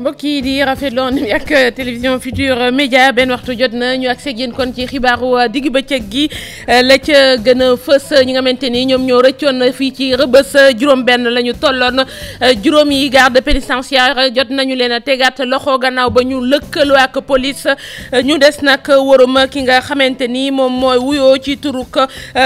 mbokk yi di rafetloon ak euh, télévision Futur Média benn waxtu jot na ñu ak seeg kon ci xibaaru euh, digg bëccëg gi euh, la ca gën a fës ñi nga xamante ni ñoom ñoo rëccoon fii ci rëbës juróom-benn la ñu tolloon juróom yi garde pénitentiaire jot nañu leen a tegaat loxo gannaaw ba ñu lëkkaloo ak police ñu des nag warum ki nga xamante ni moom mooy wuyoo ci turuk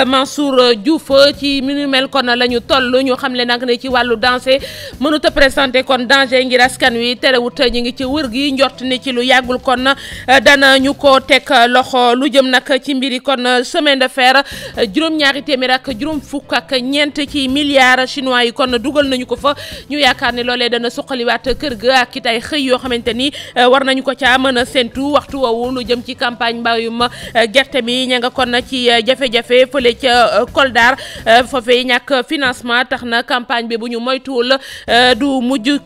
Mansour Diouf ci minu mel kon la ñu toll ñu xam le nag ne ci wàllu dansé mënut a présenté kon danger ngir askan wi tere teewut ñi ngi ci wër gi njort ni ci lu yàggul kon euh, dana ñu ko teg euh, loxo lu jëm nag ci mbir yi kon euh, semaine de fer juróom-ñaari téeméer ak juróom fukk ak ñeent ci milliards chinois yi kon dugal nañu ko fa ñu yaakaar ne loolee dana suqaliwaat kër ga ak it ay xëy yoo xamante ni war nañu ko caa mën a séntu waxtu woowu lu jëm ci campagne mbayum gerte mi ña nga kon ci jafe-jafe fële ca Koldar foofee ñàkk financement tax na campagne bi bu ñu moytuwul du mujj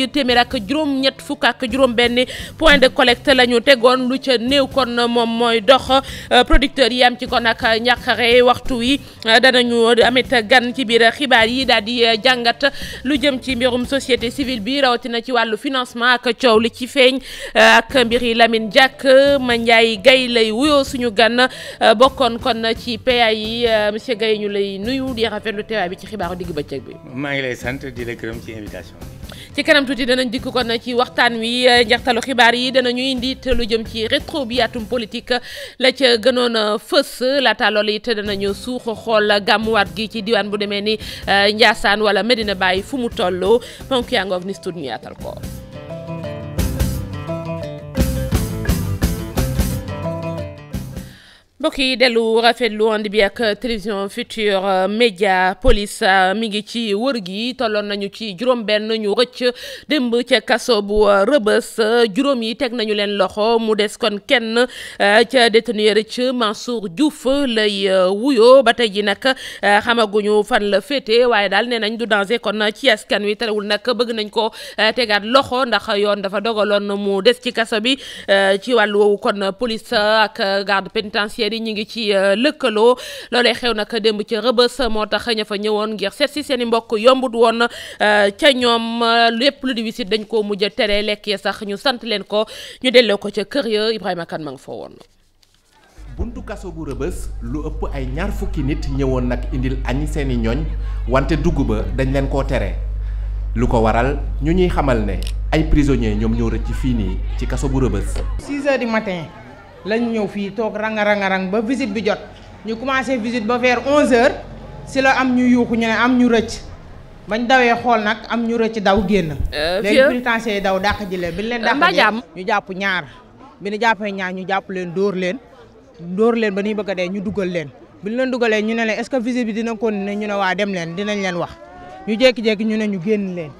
ji téeméer ak juróom ñett fukk ak juróom benn point de collecte la tegoon lu ca néew kon moom mooy dox euh, producteurs yi am ci kon ak ñàkkare waxtu wi yi euh, danañu amit gan ci biir xibaar yi daal di euh, jàngat lu jëm ci mbirum société civile bi rawatina ci wàllu financement ak coow li ci feeñ ak mbir yi Lamine Diack ma Ndiaye gay lay wuyoo suñu gan bokkoon kon ci PA yi monsieur gay ñu lay nuyu di rafetlu teewaay bi ci xibaaru digg bëccëg bi. maa ngi lay sant di la bi. ci kanam tuuti danañ dikk na ci waxtaan wi eh, njeextalu xibaar yi danañu indi it lu jëm ci rétro bi atum politique la ca gënoon a fës laata loolu it danañu suux xool gàmmuwaat gi ci diwaan bu demee ni eh, Ndiassane wala Medina Baye fu mu toll ponk yaa ngoog ni studio yaatal ko. mbokk yi dellu rafetlu ànd bi ak télévision Futurs média police euh, mi ngi ci wër gi tolloon nañu ci juróom-benn ñu rëcc démb ca kaso bu euh, rëbës juróom yi teg nañu leen loxo mu des kon kenn euh, ca détenu ya rëcc Mansour Diouf lay wuyoo ba tey ji nag xamaguñu fan la féete waaye daal nee nañ du danger kon ci askan wi terewul nag bëgg nañ ko tegaat loxo ndax yoon dafa dogaloon mu des ci kaso bi ci wàllu woowu kon police ak garde pénitentiaire maire ñu ngi ci euh, lëkkaloo loolee xew nag démb ca rëbës moo tax ña fa ñëwoon ngir seet si seeni mbokk yombut woon euh, ca ñoom euh, lépp lu di wisit dañ ko mujj a tere lekk ya sax ñu sant leen ko ñu delloo ko ca kër ya Ibrahima Kane ma nga foo woon. buntu kaso bu rëbës lu ëpp ay ñaar fukki nit ñëwoon nag indil añ seeni ñoñ wante dugg ba dañ leen koo tere lu ko waral ñu ñuy xamal ne ay prisonniers ñoom ñoo rëcc fii nii ci kaso bu rëbës. lañu ñëw fii toog ranga ranga rang ba visite bi jot ñu commencé visite ba vers 11h si la am ñu yuuxu ñu ne am ñu rëcc bañ dawee xool nag am ñu rëcc daw génn. Euh, léegi pénitencier yi daw dàq ji leen. bi leen euh, dàq ñu jàpp ñaar bi ñu jàppee ñaar ñu jàpp leen dóor leen dóor leen ba ñuy bëgg dee ñu dugal leen. bi ñu leen dugalee ñu ne leen est-ce que visite bi dina continuer ñu ne waa dem leen dinañ leen wax ñu jékki ñu ne ñu génn leen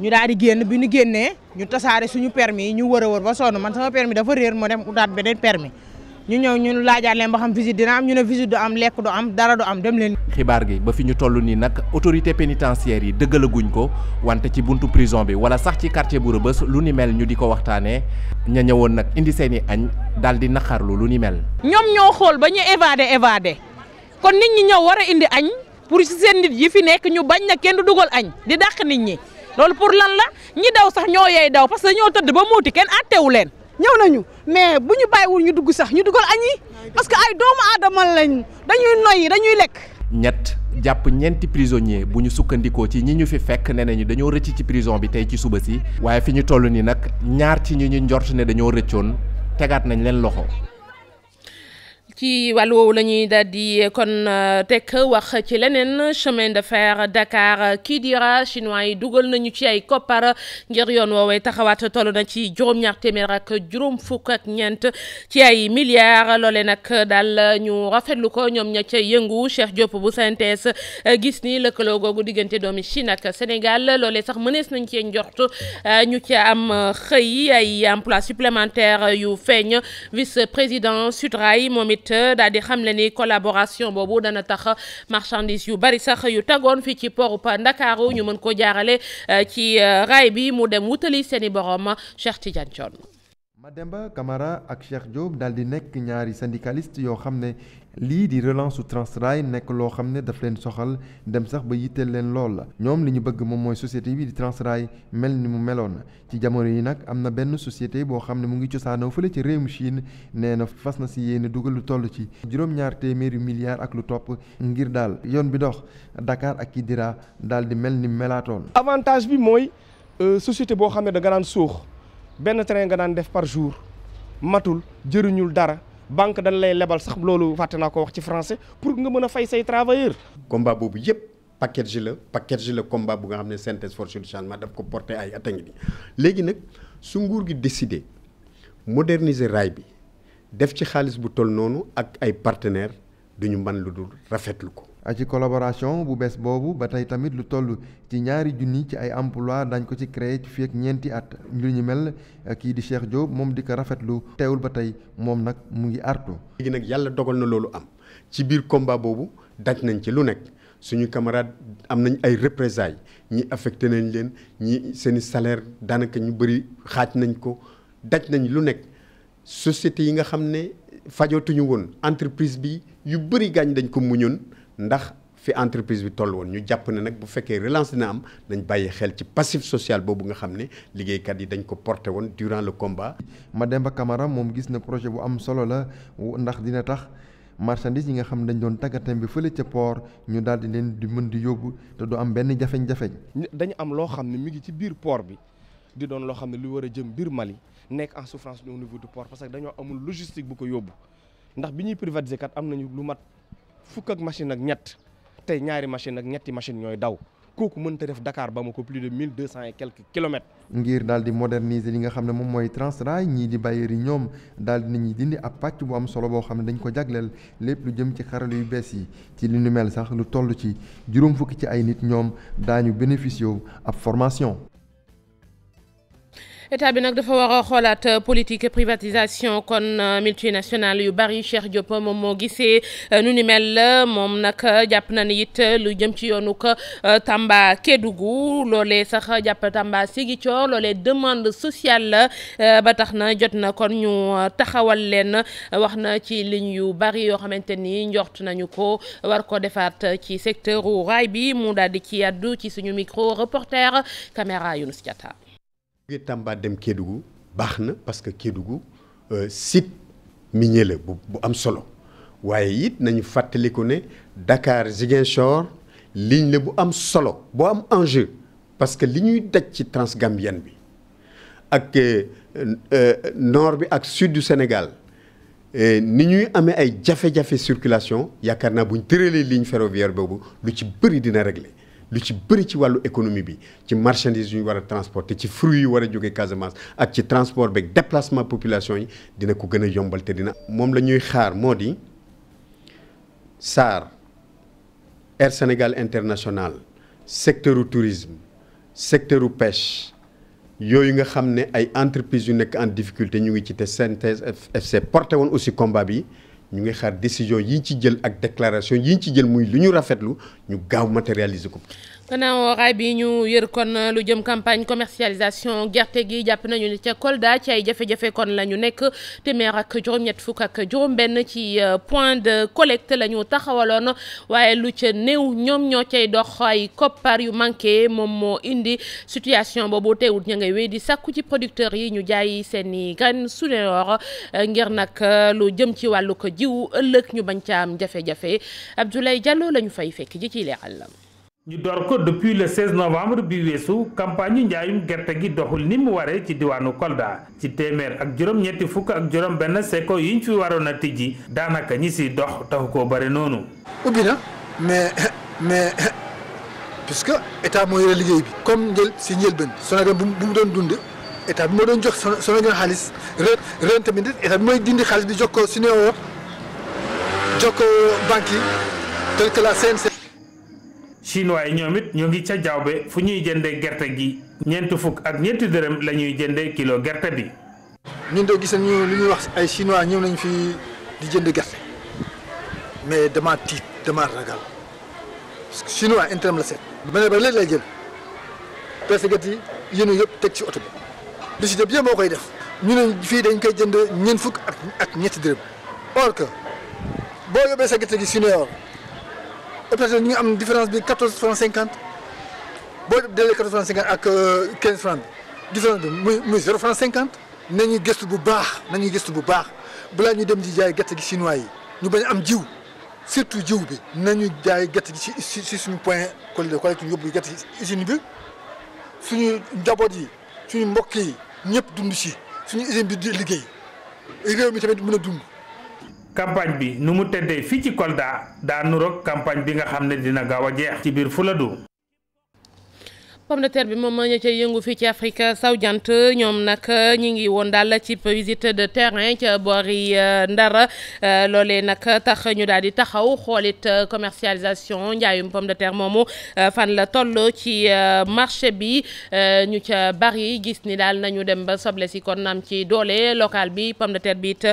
ñu daal di génn bi ñu génnee ñu tasaare suñu permis ñu wër a wër ba sonn man sama permis dafa réer moo dem utaat beneen permis ñu ñëw ñun laajaat leen ba xam visite dina am ñu ne visite du am lekk du am dara du am dem leen. xibaar gi ba fi ñu toll nii nag autorité pénitentiaire yi dëggalaguñ ko wante ci buntu prison bi wala sax ci quartier bu Rebeuss lu ni mel ñu di ko waxtaanee ña ñëwoon nag indi seen i añ daal di naqarlu lu ni mel. ñoom ñoo xool ba ñu évadé évadé kon nit ñi ñëw war a indi añ pour seen nit yi fi nekk ñu bañ na kenn dugal añ di dàq nit ñi. loolu pour lan la ñi daw sax ñoo yey daw parce ñoo tëdd ba muuti kenn àttewu leen. ñëw nañu mais bu ñu bàyyiwul ñu dugg sax ñu dugal añi parce que ay doomu aadama lañ dañuy noyyi dañuy lekk. ñett jàpp ñeenti prisonnier bu ñu sukkandikoo ci ñi ñu fi fekk ne nañu dañoo rëcc ci prison bi tey ci suba si waaye fi ñu toll nii nag ñaar ci ñi ñu njort ne dañoo rëccoon tegaat nañ leen loxo. ci wàll woowu la daal di eh, kon eh, teg wax ci leneen chemin de fer Dakar Kidira chinois yi dugal nañu ci ay koppar ngir yoon woowee taxawaat toll na ci juróom-ñaar téeméer ak juróom fukk ak ñeent ci ay milliards loole nag daal ñu rafetlu ko ñoom ña ca yëngu Cheikh Diop bu synthèse eh, gis ni lëkkaloo googu diggante doomi Chine ak Sénégal loole sax mënees nañ cee njort ñu ci am xëy ay emploi supplémentaire yu feeñ vice président Sutraay moom it ca daal di xam le ni collaboration boobu dana tax marchandise yu bari sax yu tagoon fii ci porub Ndakaaru ñu mën koo jaarale euh, ci euh, raay bi mu dem wutali seen i ma Cheikh Tidiane Thion Mademba Camara ak Cheikh Diop daal di nekk ñaari syndicaliste yoo xam ne lii di relance su Transrail nekk loo xam ne dafa leen soxal dem sax ba yitteel leen lool la ñoom li ñu bëgg moom mooy société bi di Transrail mel ni mu meloon na ci jamono yi nag am na benn société boo xam ne mu ngi cosaanoo fële ci réewum Chine nee na fas na si yéene dugal lu toll ci juróom-ñaar téeméeri milliards ak lu topp ngir daal yoon bi dox Dakar ak Kidira daal di mel ni melaatoon. avantage bi mooy euh, société boo xam ne da nga benn train nga daan def par jour matul jëriñul dara banque dañ lay lebal sax loolu fàtte naa ko wax ci français pour nga mën a fay say travailleurs. combat boobu yëpp package la package la combat bu nga xam ne synthèse force du ma daf ko porté ay at a léegi nag su nguur gi décidé moderniser raay bi def ci xaalis bu toll noonu ak ay partenaires du ñu mën lu dul rafetlu ko. ci collaboration bu bees boobu ba tey tamit lu toll ci ñaari junni ci ay emploi dañ ko ci créé ci ak ñeenti at lu ñu mel kii di Cheikh Diop moom di ko rafetlu teewul ba tey moom nag mu ngi artu léegi nag yàlla dogal na loolu am ci biir combat boobu daj nañ ci lu nekk suñu camarade am nañ ay représailles ñi affecté nañ leen ñi seeni salaire daanaka ñu bëri xaaj nañ ko daj nañ lu nekk société yi nga xam ne fajootuñu woon entreprise bi yu bëri gaañ dañ ko muñoon ndax fi entreprise bi toll woon ñu jàpp ne nag bu fekkee relance na am nañ bàyyi xel ci passif social boobu nga xam ne liggéeykat yi dañ ko porté woon durant le combat. Mademba kamara moom gis na projet bu am solo la ndax dina tax. marchandise yi nga xam dañ doon tàggatam bi fële ca port ñu daal di leen di mën di yóbbu te du am benn jafeñ-jafeñ dañu am loo xam ne mi ngi ci biir port bi di doon loo xam ne lu war a jëm biir Mali nekk en souffrance au niveau du port parce que dañoo amul logistique bu ko yóbbu ndax bi lu mat fukk ak machine ak ñett tey ñaari machine ak ñetti machine ñooy daw kooku mënta def dakaar ba ma ko plus de mille deux cent yi quelques kilomètres. ngir daal di li nga xam ne moom mooy Transrail ñii di bailleurs yi ñoom daal di dindi ab pàcc bu am solo boo xam ne dañ ko jagleel lépp lu jëm ci xarala yu bees yi ci li nu mel sax lu toll ci juróom fukki ci ay nit ñoom daañu bénéficier ab formation. état bi nag dafa war xoolaat euh, politique privatisation kon euh, multinationale yu bari Cheikh Diop moom moo gisee euh, nu ni mel moom nag jàpp na ni it lu jëm ci yoonu ko Tamba Kédougou loole sax jàpp Tamba Ziguinchor loolee demande sociale la ba tax na jot na kon ñu taxawal leen wax na ci ligne yu bari yoo xamante ni njort nañu ko war ko defaat ci secteur raay bi mu daal di ci yàddu ci suñu micro reporter caméra Younous Diatta jóge Tamba dem Kédougou baax na parce que Kédougou euh, site minier la bu bu am solo waaye it nañu fàttaliku ne dakaar Ziguinchor ligne la bu am solo boo am enjeu parce que li ñuy daj ci transgambienne bi ak euh, euh, noor bi ak sud du Sénégal ni ñuy amee ay jafe-jafe circulation yaakaar naa bu tëralee ligne ferroviaire boobu lu ci bëri dina régler lu ci bëri ci wàllu économie bi ci marchandise yu war a transporter ci fruits yu war a jóge Casamance ak ci transport beeg déplacement population yi dina ko gën a yombal te dina. moom la ñuy xaar moo di SAR Air Sénégal International secteur u tourisme secteur u peche yooyu nga xam ne ay entreprises yu nekk en difficulté ñu ngi ci te CNTS FC porté woon aussi komba bi. ñu ngi xaar décision yi ñu ci jël ak déclaration yi ñu ci jël muy lu ñu rafetlu ñu gaaw matérialiser ko. gannaaw raay bi ñu yër kon lu jëm campagne commercialisation gerte gi jàpp nañu ne ca Kolda ci ay jafe-jafe kon la ñu nekk téeméer ak juróom fukk ak juróom-benn ci euh, point de collecte la ñu taxawaloon waaye lu ca néew ñoom ñoo cay dox ay coppar yu manqué moom moo indi situation boobu teewut ña ngay wéy di sàkku ci producteurs yi ñu jaay seen i graines suneor euh, ngir nag euh, lu jëm ci wàllu ko jiw ëllëg ñu bañ ca am jafe-jafe Abdoulaye Diallo la ñu fay fekk ji ci leeral la ñu door ko depuis le 16 novembre bi weesu campagne yu njaayum gerte gi doxul ni mu waree ci diwaanu Kolda ci téeméer ak juróom-ñetti fukk ak juróom-benn seko yi ñu fi waroon a tijji daanaka ñi si dox taxu ko bari noonu. ubbi na mais mais puisque état moo yore liggéey bi. comme njël si njëlbeen bi. Sonacos bu mu doon dund état bi moo jox Sonacos xaalis mooy dindi xaalis bi jox ko suñu woo jox ko banque yi tel que la CNC. chinois yi ñoom it ñoo ngi ca jawbe fu ñuy jëndee gerte gi ñeenti fukk ak ñeenti dërëm la ñuy jëndee kilo gerte bi. ñun de gis nañu lu ñuy wax ay chinois ñëw nañu fii di jënd gerte mais dama tiit dama ragal parce que la seet. ma ne lay jël parce que gerte yi yéen yëpp teg ci oto bi lu si jëm yëpp moo koy def ñu ne fii dañ koy jënd ñeent fukk ak ak ñetti dërëm or que boo yóbbee sa gerte gi chinois opérateur ñu ngi am différence bi 14 francs 50 boo delee 14 francs 50 ak 15 euh, francs bi différence bi muy muy 0 francs nañuy gëstu bu baax nañuy gëstu bu baax balaa ñu dem di jaay gerte gi chinois yi ñu bañ am jiw surtout jiw bi nañu jaay gerte gi si ci suñu point collecte collecte yóbbu gerte gi usine bi suñu njaboot yi suñu mbokk yi ñëpp dund si suñu usine bi di liggéey réew mi tamit mën a dund. campagne bi nu mu tëddee fii ci Kolda daa nuroog campagne bi nga xam ne dina gaaw a jeex ci biir fu la Fuladu pomme de terre bi moom ña cay yëngu fii ci Afrique saw jant ñoom nag ñi ngi woon daal ci visite de terrain ca boori euh, Ndar euh, loolee nag tax ñu daal di taxaw xoolit euh, commercialisation njaayum pomme de terre moomu fan la toll ci marché bi ñu ca bari gis ni daal nañu dem ba soble si kon am ci doole local bi pomme de terre bi it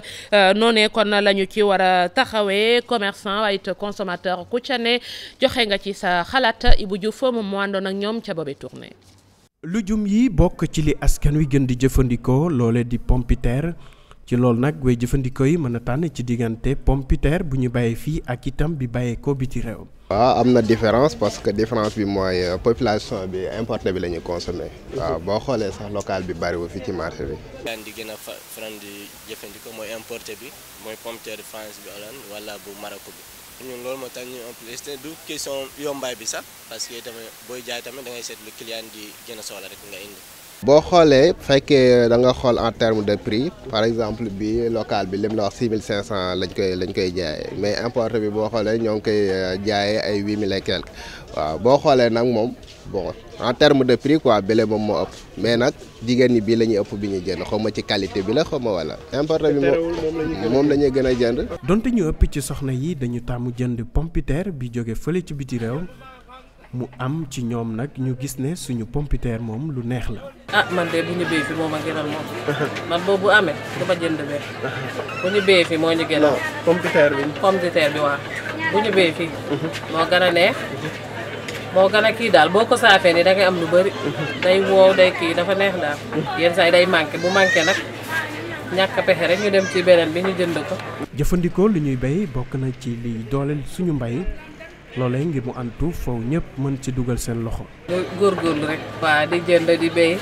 noonee kon la ñu ci war a taxawee commerçant waaye it consommateur ku ca ne joxe nga ci sa xalaat Ibou Diouf moom mu àndoon ak ñoom ca Bobeto journée. lujum yi bokk ci li askan wi gën di jëfandikoo loole di pompiteer ci loolu nag way jëfandikoo yi mën a tànn ci diggante pompiteer bu ñu bàyyee fii ak itam bi bàyyee ko biti réew. waa am na différence parce que différence bi mooy euh, population bi importé bi la ñuy consommé. waaw boo xoolee sax local bi bariwul fii ci marché bi. daan di gën a faral di jëfandikoo mooy importe bi mooy pompiteer France bi Hollande wala bu Maroc bi. ñun loolu moo tax ñu en plus te du question yombaay bi sax parce que tamit booy jaay tamit da seet lu client di gën a soxla rek boo xoolee fekkee da nga xool en terme de prix par exemple bi local bi lim la wax 6500 lañ koy lañ koy jaayee mais importé bi boo xoolee ñoo ngi koy euh, jaayee ay 8000 et quelque waaw boo xoolee nag moom bon. en terme de prix quoi bële moom moo ëpp mais nag jigéen ñi bii la ñuy ëpp bi ñuy jënd xaw ma ci qualité bi la xaw ma wala importé bi moom lañuy ñuy gën a jënd donte ñu ëpp ci soxna yi dañu tàmm jënd pompiteer bi jóge fële ci biti réew mu am ci ñoom nag ñu gis ne suñu pompiteer moom lu neex la ah man de bu ñu béy fi moom a gënal moom man boobu amee dama jënd bee bu ñu béy fi moo ñu gënal pompiteer bi pompiteer bi waaw bu ñu béy fi mhm. moo gën a neex moo gën a kii daal boo ko saafee ni da am lu bari day woow day kii dafa neex daal. yenn saa yi day manqué bu manqué nag ñàkk pexe rek ñu dem ci beneen bi ñu jënd ko. jëfandikoo lu ñuy béy bokk na ci liy dooleel suñu mbay loolee ngir mu antu foofu ñëpp mën ci dugal seen loxo. góor góorgóorlu rek. waa di jënd di béy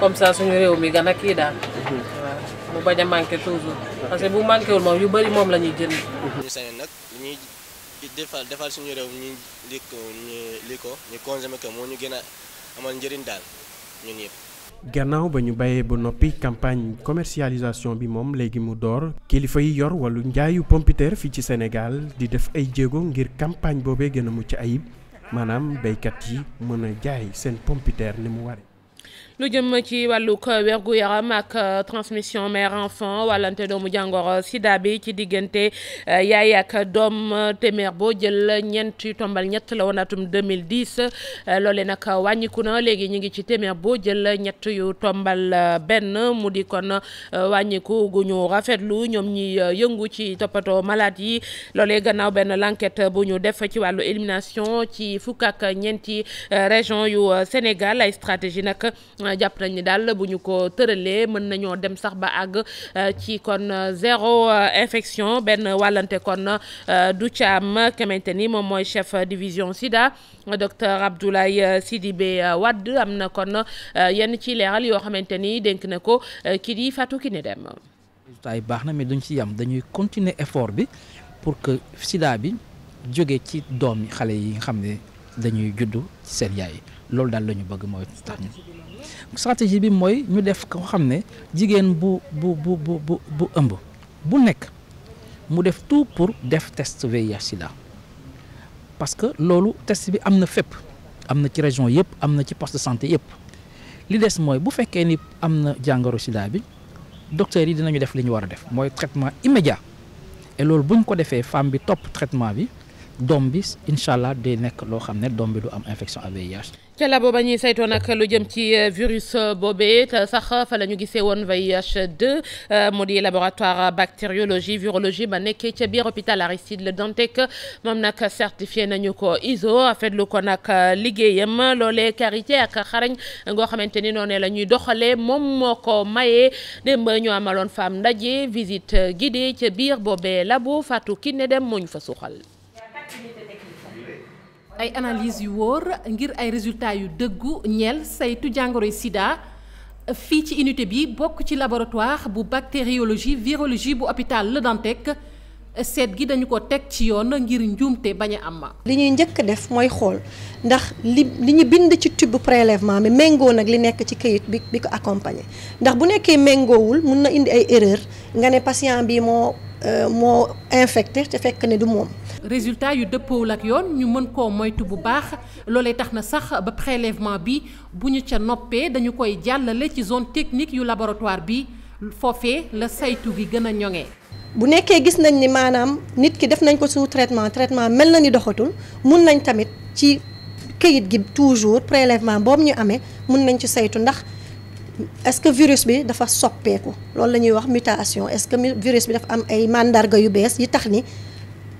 comme ça suñu réew mi gën a kii daal. waaw mu bañ a manqué toujours. bu manqué wul moom yu bari moom la ñuy jënd. ñu sañoon defal defal suñu réew ñu li ko ñu li ko ñu moo ñu gën a amal njëriñ daal ñun yëpp. gannaaw ba ñu bayee ba noppi campagne commercialisation bi moom léegi mu door kilifa yi yor wallu njaayu pompiteer fii ci Sénégal di def ay jéego ngir campagne boobee gën a mucc ayib maanaam béykat yi mën a jaay seen pompiteer ni mu waree. lu jëm ci wàllu wàllug wergu yaram ak euh, transmission mère enfant wàllante doomu jàngoro sida bi ci diggante euh, yaay ak doom euh, téeméer boo jël ñeenti tombal ñett la woon atum 2010 loole nag wàññiku na léegi ñu ngi ci téeméer boo jël ñett yu tombal benn mu di kon wàññiku gu ñu rafetlu ñoom ñi yëngu ci toppatoo malade yi loolee gannaaw benn l'enquête bu ñu def ci wàllu élimination ci fukk ak ñeenti région yu Sénégal ay stratégie nag jàpp nañ ni daal bu ñu ko tëralee mën nañoo dem sax ba àgg euh, ci kon euh, zéro euh, infection benn wàllante kon du caam xamante ni moom mooy chef division sida docteur Abdoulaye Sidibé Wade am na kon yenn ci leeral yoo xamante ni dénk na ko kii di Fatou Kiné Dème résultat yi baax na mais duñ ci yam dañuy continuer effort bi pour que sida bi jóge ci doom yi xale yi xam ne dañuy juddu ci seen yaay loolu daal lañu bëgg mooy tax ñu bi mooy ñu def ko xam ne jigéen bu bu bu bu ëmb bu nekk mu def tout pour def test VIH sida parce que loolu test bi am na fépp am na ci région yëpp am na ci poste de santé yëpp li des mooy bu fekkee ni am na jàngoro sida bi docteurs yi dinañu def li ñu war a def mooy traitement immédiat et loolu buñ ko defee femme bi topp traitement bi doom bi incha allah day nekk loo xam ne doom bi du am infection ak VIH. ca labo ba ñuy sayto nag lu jëm ci euh, virus euh, boobee sax fa la ñu gisee woon VIH 2 mu di laboratoire bactériologie virologie ba nekkee ca biir hôpital Aristide Le Dantec moom nag certifié nañu ko ISO afetlu ko nag euh, liggéeyam loolee karité ak xarañ ngoo xamante ni noonu la ñuy doxalee moom moo ko mayee démb ñu amaloon femme ndaje visite guidée ca biir boobee labo Fatou Kiné dem moo ñu fa suuxal. ay analyse yu wóor ngir ay résultats yu dëggu ñeel saytu jàngoroy sida fii ci unité bi bokk ci laboratoire bu bactériologie virologie bu hôpital Le Dantec seet gi dañu ko teg ci yoon ngir njuumte bañ a am. li ñuy njëkk a def mooy xool ndax li li ñu bind ci tube prélèvement bi méngoo nag li nekk ci kayit bi bi ko accompagner ndax bu nekkee méngoowul mun na indi ay erreur nga ne patient bi moo. Euh, moo infecté te fekk ne du moom. résultat yu dëppoowul ak yoon ñu mën koo moytu bu baax loolee tax na sax ba prélèvement bi bu ñu ca noppee dañu koy jàllale ci zone technique yu laboratoire bi foofee la saytu gi gën a ñoŋee. bu nekkee gis nañ ni maanaam nit ki def nañ ko sous traitement traitement mel na ni doxatul mun nañ tamit ci këyit gi toujours prélèvement boobu ñu amee mun nañ ci saytu ndax. est que virus bi dafa soppeeku loolu la ñuy wax mutation est-ce que virus bi dafa am ay mandarga yu bees yi tax ni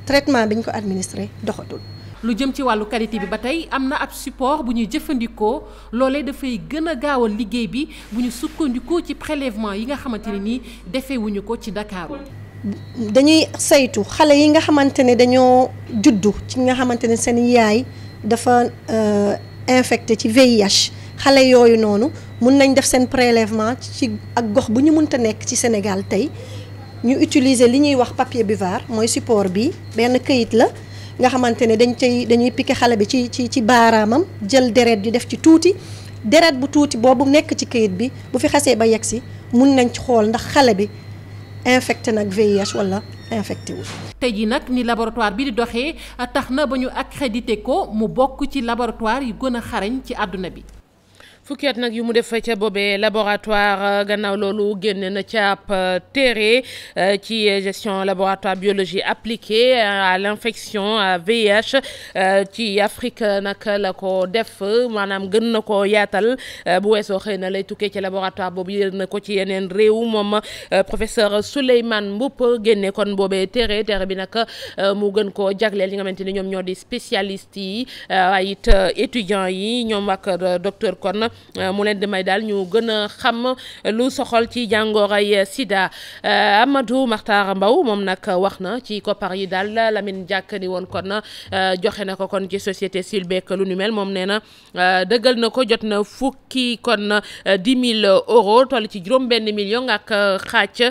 traitement bi ñu ko administré doxatul. lu jëm ci wàllu quarité bi ba tey am na ab support bu ñuy jëfandikoo loolee dafay gën a gaawal liggéey bi bu ñu sukkandikoo ci prélèvement yi nga xamante ne nii defewuñu ko ci Dakar. dañuy saytu xale yi nga xamante ne dañoo juddu ci nga xamante ne seen yaay dafa euh, infecté ci VIH xale yooyu noonu. mun nañ def seen prélèvement ci ak gox bu ñu mënta nekk ci Sénégal tey ñu utiliser li ñuy wax papier buvard mooy support bi benn kayit la nga xamante ne dañ cay dañuy piqué xale bi ci ci ci baaraamam jël deret di def ci tuuti deret bu tuuti boobu nekk ci kayit bi bu fi xasee ba yegg si mun nañ ci xool ndax xale bi infecté nag VIH wala infecté wu. tey jii nag ni laboratoire bi di doxee tax na ba ñu ak accrédité ko mu bokk ci laboratoire yu gën a xarañ ci àdduna bi. fukki nag yi mu def ca boobee laboratoire euh, gannaaw loolu génne na ca ab euh, téere euh, ci gestion laboratoire biologie appliquée à l'infection à VIH ci Afrique nag la ko def maanaam gën na ko yaatal bu weesoo xëy na lay tukkee ci laboratoire boobu yër na ko ci yeneen réew moom professeur Souleymane Mboup génne kon boobee téere téere bi nag mu gën ko jagleel yi nga xamante ni ñoom ñoo di spécialiste yi waaye it étudiants yi ñoom ak docteur kon Euh, mu leen di may daal ñu gën a xam lu soxal ci jàngooray Sida euh, Amadou Makhtar mbaw moom nag wax na ci koppar yi daal Lamine Diack ni woon kon euh, joxe na ko kon ci société civile beeg lu nu mel moom nee na dëggal na ko jot na fukki kon dix mille euros toll ci juróom benn million ak xaaj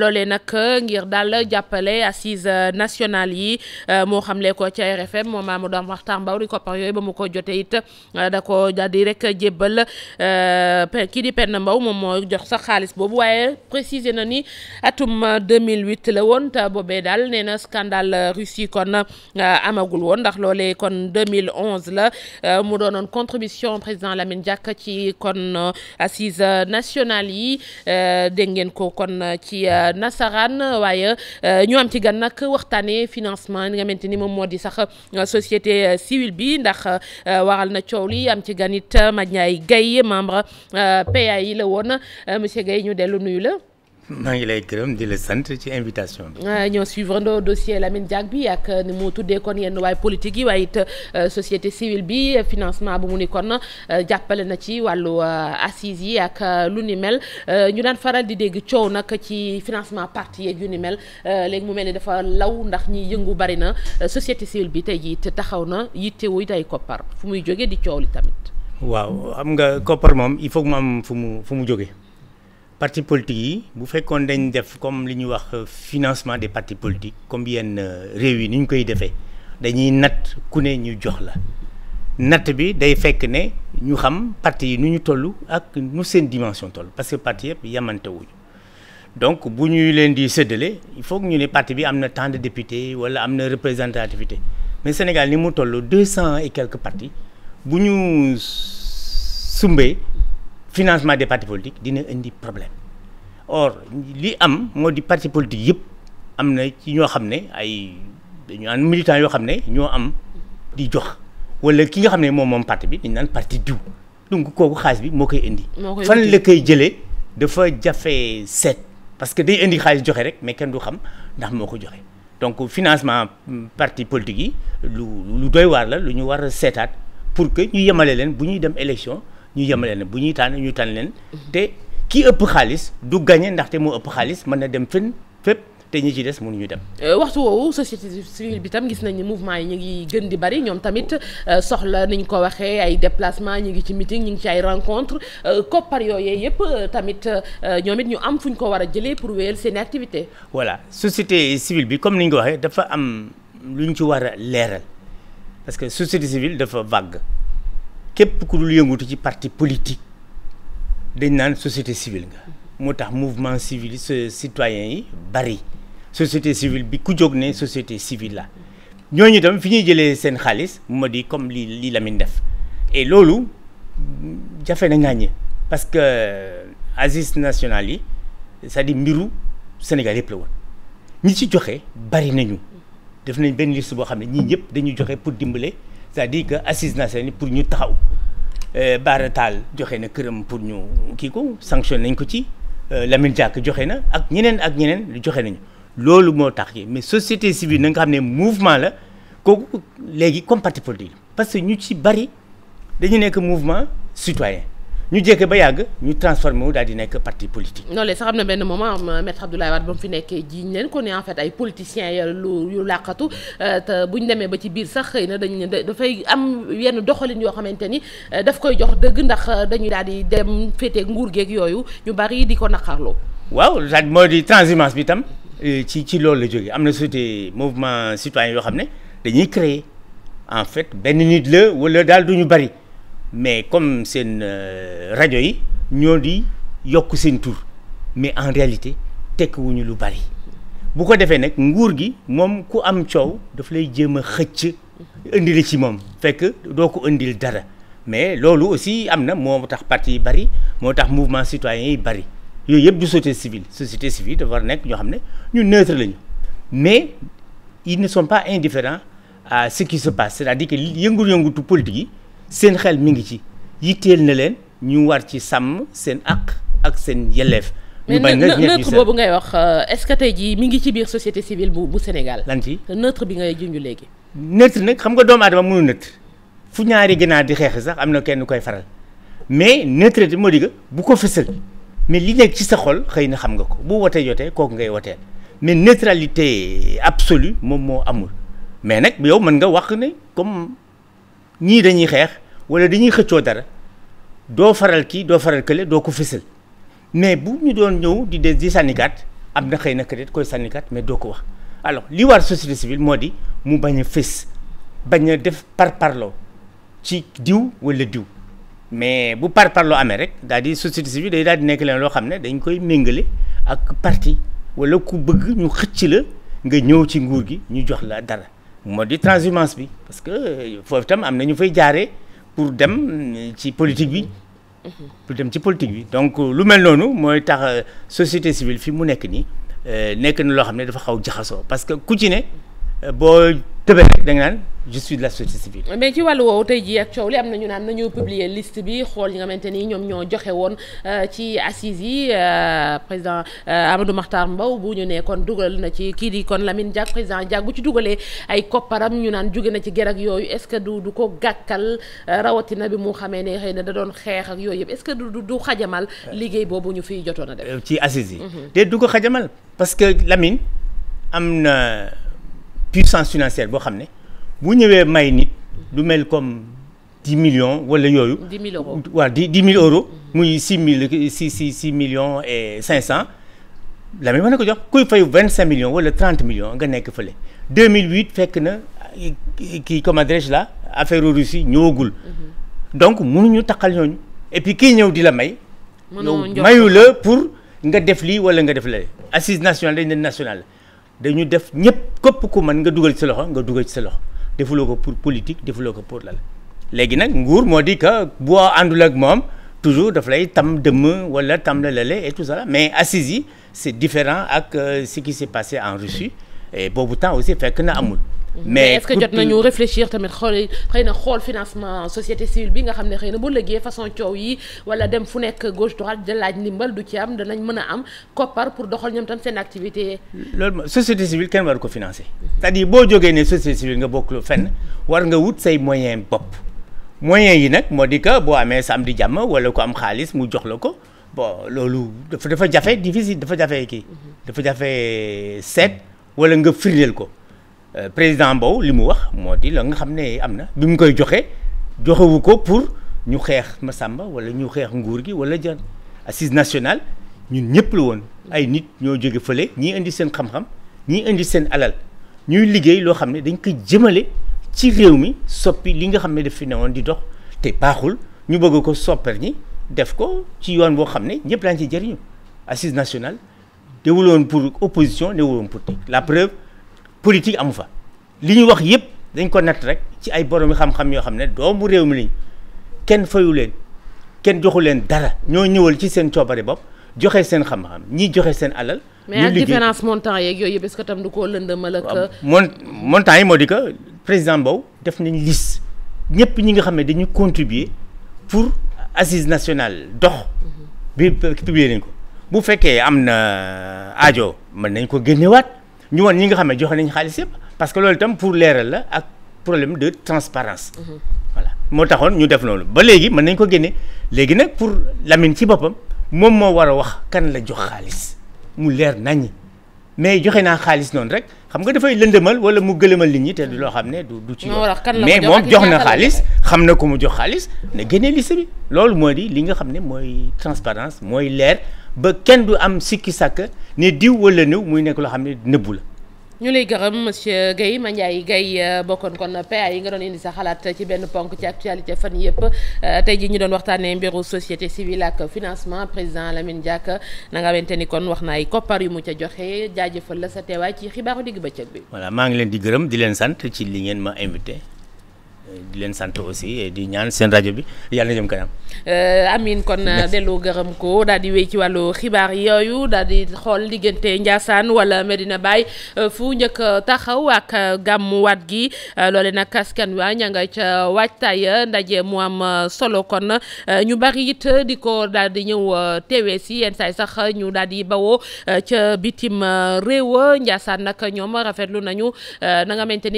loolee nag ngir daal jàppale assises nationales yi moo xamle ko ci RFM moom Amadou Makhtar mbaw di koppar yooyu ba mu ko jotee it da ko daal di jébbal euh, kii di Penda mbaw moom moo jox sax xaalis boobu waaye préciser na ni atum 2008 euh, la woon te boobee daal nee na scandale euh, Russie kon amagul woon ndax loole kon 2011 la mu doonoon contribution président Lamine Diack ci kon assise nationale yi dégg ngeen ko kon ci nasaraan waaye ñu am ci gan nag waxtaanee financement nga xamante ni moom moo di sax société civile bi ndax waral na coow li am ci ganit Madiaye Gaye membre euh, PAI la woon euh, monsieur Gaye ñu dellu nuyu la. maa ngi lay gërëm di la sant ci invitation bi. Euh, ñoo suivre ndo dossier Lamine Diack bi ak ni mu tuddee kon yenn waaye politique yi waaye it société civile bi financement bu mu ni kon jàppale na ci wàllu assise yi ak lu ni mel ñu daan faral di dégg coow nag ci financement parti yeeg yu ni mel léegi mu mel ni dafa law ndax ñi yëngu bari na société bi tey jii it taxaw na yittewuy tey koppar fu muy jógee di coow li tamit. waaw am nga koppar moom il faut mu am fu mu fu mu jógee parti politique yi bu fekkoon dañ def comme li ñuy wax financement de partis politique comme yenn euh, réew yi ni ñu koy defee dañuy natt ku ne ñu jox la natt bi day fekk ne ñu xam parti yi nu ñu toll ak nu seen dimension toll parce que parti yëpp yamante wuñu donc bu ñuy leen di séddale il faut ñu ne parti bi am na tant de député wala am na représentativité mais Sénégal ni mu toll deux cent et quelques partis bu ñu sumbee financement des partis politiques dina indi problème or li am moo di parti politique yëpp am na ci ñoo xam ne ay dañu am yoo xam ne ñoo am di jox wala ki nga xam ne moom moom partie bi dañu naan parti diw donc kooku xaalis bi moo koy indi. fan la koy jëlee dafa jafe seet. parce que day indi xaalis joxe rek mais kenn du xam ndax moo ko joxe donc financement parti politique yi lu lu doy waar la lu ñu war a seetaat. pour que ñu yemale leen bu ñuy dem élection ñu yemale leen bu ñuy tànn ñu tànn leen te kii ëpp xaalis du gagné ndaxte moo ëpp xaalis mën na dem fenn fépp te ñi ci des mënuñu dem. Euh, waxtu woowu société civile bi tam gis nañ mouvement yi ñu ngi gën di bari ñoom tamit euh, soxla niñ ko waxee ay déplacement ñu ngi ci meeting ñu ngi ci ay rencontre euh, koppar yooyee yëpp tamit ñoom it ñu am fu ñu ko war a jëlee pour wéyal seen activité. voilà société civile bi comme ni ñu ko waxee dafa am lu ñu ci war a leeral. parce que société civile dafa vague képp ku dul yëngutu ci parti politique dañ naan société civile nga moo tax mouvement civil citoyen yi bari société civile bi ku jóg ne société civile la ñooñu tam fi ñuy jëlee seen xaalis moo di comme lii li Lamine def et loolu jafe na ñi parce que euh, Assises nationales yi cest di mbiru Sénégal yëpp la woon ñi ci joxe bari nañu def nañ benn liste boo xam ne ñii ñëpp dañuy joxe pour dimbale c'est-à-dire que assise nationale pour ñu taxaw euh, Bara Tall joxe na këram pour ñu kii ko sanctionné nañ ko ci euh, Lamine Diack joxe na ak ñeneen ak ñeneen joxe nañu loolu moo tax ki mais société civile na nga xam ne mouvement la kooku léegi comme parti politique parce que ñu ci bari dañu nekk mouvement citoyen ñu jékki ba yàgg ñu transformé wu daal di nekk parti politique. loolee sax am na benn moment maître Abdoulaye Wade ba mu fi nekkee jiiñ leen ko ne en fait ay politiciens ya lu yu làqatu euh, te bu ñu demee ba ci biir sax xëy na dañu dafay am yenn doxalin yoo xamante ni euh, daf koy jox dëgg ndax euh, dañuy daal di dem féeteeg nguur geeg yooyu ñu bari di ko naqarloo. waaw daal moo di transhumance bi tam ci ci loolu la jógee am na société mouvement citoyen yoo xam ne dañuy créer en fait benn nit la wala daal du ñu bari. mais comme seen euh, rajo yi ñoo di yokk seen tour mais en réalité tekkiwuñu lu bari bu ko defee nag nguur gi moom ku am coow daf lay jéem a xëcc indi la ci moom fekk doo ko indil dara mais loolu aussi am na moo tax parti yi bari moo tax mouvement citoyen yi bari yooyu yëpp du société civile société civile dafa war nekk ñoo xam ne ñu neutre lañu mais ils ne sont pas indifférents à ce qui se passe c'est-à-dire que yëngu-yëngutu politique yi seen xel mu ngi ci yitteel na leen ñu war ci sàmm seen àq ak seen yelleef. ñu bañ neutre boobu ngay wax euh, est-ce que tey jii mi ngi ci biir société civile bu bu Sénégal. lan ci neutre bi ngay junj léegi. neutre nag xam nga doomu aadama mënu neutre fu ñaari ginaar di xeex sax am na kenn koy faral mais neutre bi moo di bu ko fësal mais li nekk ci sa xol xëy na xam nga ko bu wotee jotee kooku ngay woteel mais neutralité absolue moom moo amul mais nag yow mën nga wax ne comme. ñii dañuy xeex wala dañuy xëccoo dara doo faral kii doo faral kële doo ko fësal mais bu ñu doon ñëw di des di sànnikaat am na xëy na peut-être koy sànnikaat mais doo ko wax alors li war société civile moo di mu bañ a fës bañ a def par parlo ci diw wala diw mais bu par parloo amee rek daal di société civile day daal di nekk leen loo xam ne dañ koy méngale ak parti wala ku bëgg ñu xëcc la nga ñëw ci nguur gi ñu jox la dara moo di transhumance bi parce que euh, foofu tam am na ñu fay jaaree pour dem euh, ci politique bi. Mhm. pour dem ci politique bi donc euh, lu mel noonu mooy tax société civile fi mu nekk nii nekk na loo xam ne dafa xaw jaxasoo parce que ku ci ne. boo tëbee rek da nga naan je suis de la société civile. mais ci wàllu woowu tey jii ak coow li am na ñu naan nañu publier liste bi xool ñi nga xamante ni ñoom ñoo joxe woon euh, ci assises yi euh, président euh, Amadou Makhtar Mbow bu ñu ne kon dugal na ci kii di kon Lamine Diack président Diack bu ci dugalee ay kopparam ñu naan jóge na ci ger yooyu est-ce que du du ko gàkkal rawatina bi mu xamee ne xëy na da doon xeex ak yooyu yëpp est-ce que du du xajamal liggéey boobu ñu fi jotoon a ci assises yi. Mhm. te na. puissance financière boo xam ne bu ñëwee may ni du mel comme dix millions wala yooyu. dix mille euros waaw dix dix mille euros. muy six mille six six millions et cinq cent. la mel mën ne ko jox kuy fayu vingt cinq millions wala trente millions nga nekk fële. deux mille huit fekk na kii comment dirais-je là affaire Russie ñëwagul. Mhm. donc mënuñu taqal ñooñu. et puis kii ñëw di la may. mayu la pour nga def lii wala nga def la assise nationale dañ ne nationale. dañu def ñëpp këpp ko mën nga dugal ci sa loxo nga dugal ci sa loxo defuloo ko pour politique defuloo ko pour lal léegi nag nguur moo di que boo àndul ak moom toujours daf lay tam dëmm wala tam la lale et tout ça mais assises yi c'est différent ak euh, ce qui s'est passé en Russie Eh, boobu temps aussi fekk na amul. mais est-ce que jot nañu réfléchir tamit xool xëy na xool financement société civile bi nga xam ne xëy na boo lëggee façon coow yi wala dem fu nekk gauche droite da laaj ndimbal du ci am danañ mën a am koppar pour doxal ñoom tam seen activité. loolu mooy société civile kenn war ko financé cest di boo jógee ne société civile nga bokkul fenn war nga wut say moyen bopp moyen yi nag moo di que boo amee samedi jàmm wala ko am xaalis mu jox la ko bon loolu dafa dafa jafe difficile dafa jafe kii. dafa jafe seet. wala nga firndeel ko euh, président Mbow li mu wax moo di la nga xam ne am na bi mu koy joxe joxewu ko pour ñu xeex Massamba wala ñu xeex nguur gi wala jan assise nationale ñun ñëpp la woon ay nit ñoo jóge fële ñii indi seen xam-xam ñii indi seen alal ñuy liggéey loo xam ne dañ koy jëmale ci réew mi soppi li nga xam ne daf fi ne woon di dox te baaxul ñu bëgg ko soppar ñi def ko ci yoon boo xam ne ñëpp daañu ci jëriñu assise nationale newul woon pour opposition newul woon pour teg la preuve politique amu fa li ñu wax yëpp dañ ko natt rek ci ay borom xam-xam yoo xam ne doomu réew mi lañ kenn fayu leen kenn joxu leen dara ñoo ñëwal ci seen coobare bopp joxe seen xam-xam ñi joxe seen alal. mais ak différence montant yeeg yooyu yëpp est-ce que tam du ko ma ak. mon montant yi moo di que président Mbow def nañ liste ñëpp ñi nga xam ne dañu contribuer pour assise nationale dox. Mm-hmm. bi publier nañ ko. bu fekkee am na euh, ajo mën nañ ko génnewaat ñu woon ñi nga xam ne joxe nañ xaalis yëpp parce que loolu itam pour leeral la ak problème de transparence mhm. voilà moo taxoon ñu def loolu ba léegi mën nañ ko génne léegi nag pour Lamine ci boppam moom moo war a wax kan la jox xaalis mu leer naññi mais joxe naa xaalis noonu rek xam nga dafay lëndëmal wala mu gëlëmal nit ñi te du loo xam ne du du ci yoon mais moom jox na xaalis xam na ko mu jox xaalis na génne liste loolu moo di li nga xam ne mooy transparence mooy leer ba kenn du am sikki sàkk ne diw wala néew muy nekk loo xam ne nëbbu la. ñu lay gërëm monsieur Guèye Mandiaye Guèye euh, bokkoon kon PA yi nga doon indi sa xalaat ci benn ponk ci actualité fan yëpp euh, tey jii ñu doon waxtaanee mbiru société civile ak financement président Lamine Diack na nga wente ni kon wax na ay koppar yu mu ca joxe jaajëfal la sa teewaay ci xibaaru digg bëccëg bi. voilà maa ngi leen di gërëm di leen sant ci li ngeen ma invité. di leen sant aussi di ñaan seen rajo bi yàlla na jëm kanam. Euh, Amine kon delloo gërëm ko daal di wéy ci wàllu xibaar yooyu daal di xool diggante Ndiassane wala Medina Baye euh, fu njëkk taxaw ak euh, gàmmu waat gi loole nag askan wa ña nga ca waajtaay ndaje mu am solo kon ñu bari it di ko daal di ñëw teewee si yenn saay sax ñu daal bawoo ca bitim réew Ndiassane nag ñoom rafetlu nañu na nga xamante